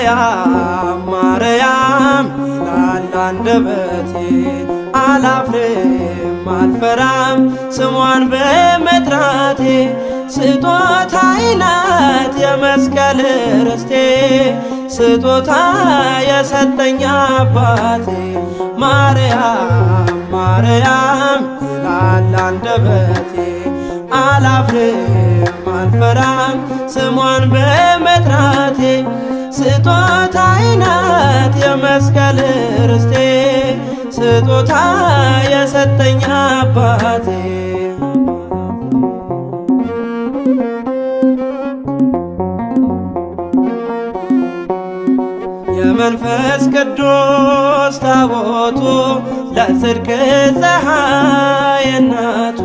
Yeah. አንደበቴ አላፍርም አልፈራም ስሟን በመጥራቴ ስጦታ አይናት የመስቀል ርስቴ ስጦታ የሰጠኝ አባቴ ማርያም ማርያም ይላል አንደበቴ አላፍርም አልፈራም ስሟን በመጥራቴ ስጦታ አይናት የመስቀል ርስቴ ስጦታ የሰጠኝ አባቴ የመንፈስ ቅዱስ ታቦቱ ለጽድቅ ፀሐይ እናቱ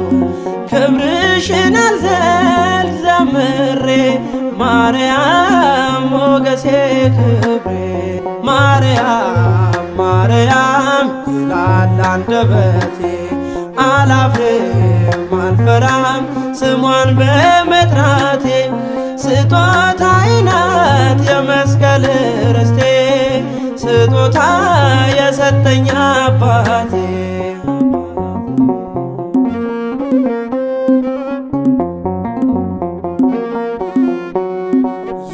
ክብርሽን አልዘልቅ ዘምሬ ማርያም ሞገሴ አንደበቴ አላፍርም አልፈራም ስሟን በመጥራቴ ስጦታ አይናት የመስቀል ርስቴ ስጦታ የሰጠኝ አባቴ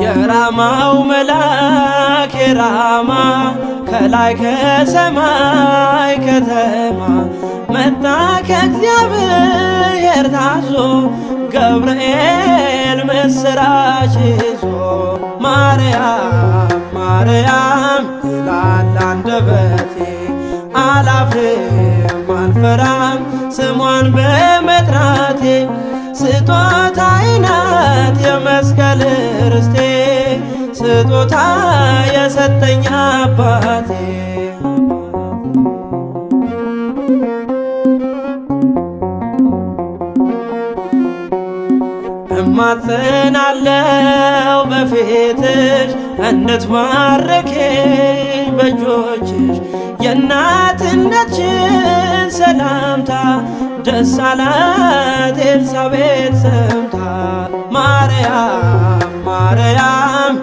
የራማው መላክ የራማ ከላይ ከሰማይ ከተማ መጣ ከእግዚአብሔር ታዞ ገብርኤል ምስራች ይዞ ማርያም ማርያም ይላል አንደበቴ አላፍርም አልፈራም ስሟን በመጥራቴ ስጦታ አይናት የመስቀል ርስቴ ስጦታ የሰጠኝ አባቴ እማጽናለው በፊትሽ እንድትባርኪኝ በእጆችሽ የእናትነትሽን ሰላምታ ደስ አላት ኤልሳቤጥ ሰምታ ማርያም ማርያም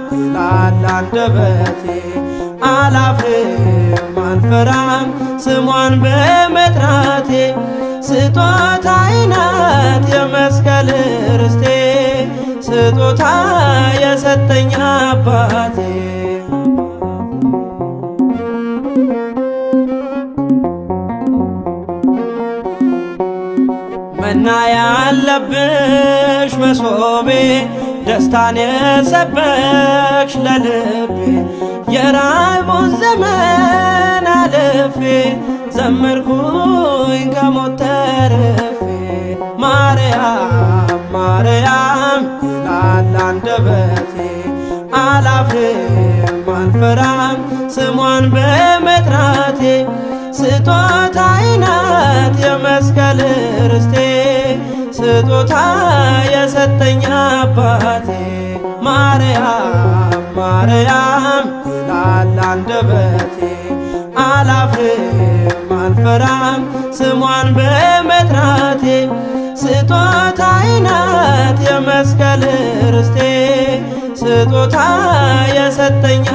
አንደበቴ አላፍርም አልፈራም ስሟን በመጥራቴ ስጦታ አይናት የመስቀል ርስቴ ስጦታ የሰጠኝ አባቴ መና ያለብሽ መሶቤ ደስታን የሰበክሽ ለልቤ የራቡ ዘመን አልፌ ዘመርኩኝ ከሞት ተርፌ ማርያም ማርያም ይላል አንደበቴ አላፍርም አልፈራም ስሟን በመጥራቴ ስጦታ አይናት የመስቀል ስጦታ የሰጠኝ አባቴ ማርያም ማርያም ይላል አንደበቴ። አላፍርም አልፈራም ስሟን በመጥራቴ ስጦታዬ ናት የመስቀል ርስቴ ስጦታ የሰጠኛ